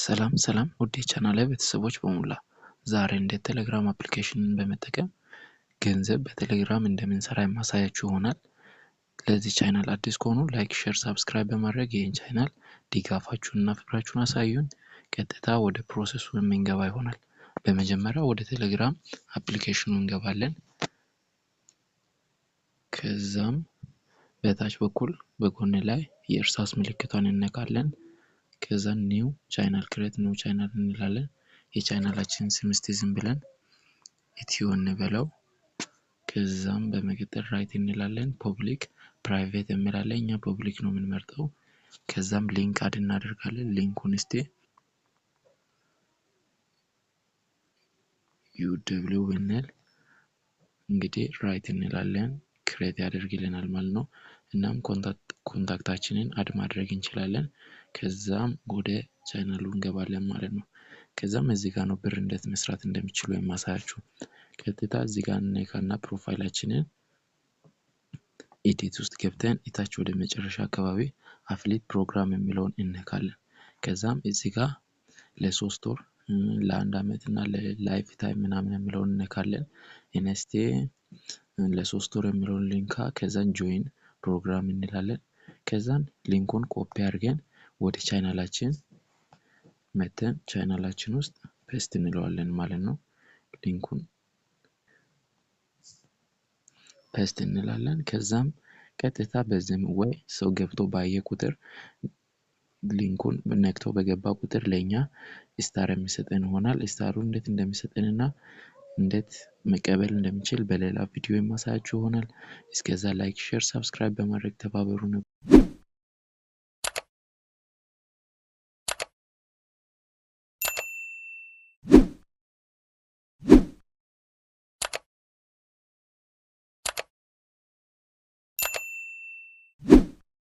ሰላም ሰላም ውዴ ቻናል ላይ ቤተሰቦች በሙላ ዛሬ እንደ ቴሌግራም አፕሊኬሽንን በመጠቀም ገንዘብ በቴሌግራም እንደምንሰራ የማሳያችሁ ይሆናል። ለዚህ ቻናል አዲስ ከሆኑ ላይክ፣ ሼር፣ ሳብስክራይብ በማድረግ ይህን ቻናል ድጋፋችሁንና ፍቅራችሁን አሳዩን። ቀጥታ ወደ ፕሮሰሱ የምንገባ ይሆናል። በመጀመሪያ ወደ ቴሌግራም አፕሊኬሽኑ እንገባለን። ከዛም በታች በኩል በጎን ላይ የእርሳስ ምልክቷን እነካለን። ከዛ ኒው ቻይናል ክሬት ኒው ቻይናል እንላለን። የቻይናላችን ስም እስቲ ዝም ብለን ኢትዮ እንበለው። ከዛም በመቀጠል ራይት እንላለን። ፐብሊክ ፕራይቬት እንላለን። እኛ ፐብሊክ ነው የምንመርጠው። ከዛም ሊንክ አድ እናደርጋለን። ሊንኩን እስቲ ዩደብሊው ብንል እንግዲህ ራይት እንላለን ክሬት ያደርግልናል ማለት ነው። እናም ኮንታክታችንን አድ ማድረግ እንችላለን። ከዛም ወደ ቻናሉ እንገባለን ማለት ነው። ከዛም እዚህ ጋር ነው ብር እንዴት መስራት እንደሚችሉ የማሳያችሁ። ቀጥታ እዚህ ጋር እንነካና ፕሮፋይላችንን ኢዲት ውስጥ ገብተን ኢታች ወደ መጨረሻ አካባቢ አፍሊት ፕሮግራም የሚለውን እነካለን። ከዛም እዚህ ጋር ለሶስት ወር ለአንድ ዓመት እና ለላይፍ ታይም ምናምን የሚለውን እነካለን። ኢነስቴ ለሶስት ወር የሚለውን ሊንካ ከዛን ጆይን ፕሮግራም እንላለን። ከዛን ሊንኩን ኮፒ አድርገን ወደ ቻናላችን መተን ቻናላችን ውስጥ ፔስት እንለዋለን ማለት ነው። ሊንኩን ፔስት እንላለን። ከዛም ቀጥታ በዚህም ወይ ሰው ገብቶ ባየ ቁጥር ሊንኩን ነክቶ በገባ ቁጥር ለእኛ ስታር የሚሰጠን ይሆናል። ስታሩ እንዴት እንደሚሰጠን እና እንዴት መቀበል እንደሚችል በሌላ ቪዲዮ የማሳያችሁ ይሆናል። እስከዛ ላይክ፣ ሼር፣ ሳብስክራይብ በማድረግ ተባበሩ ነበር።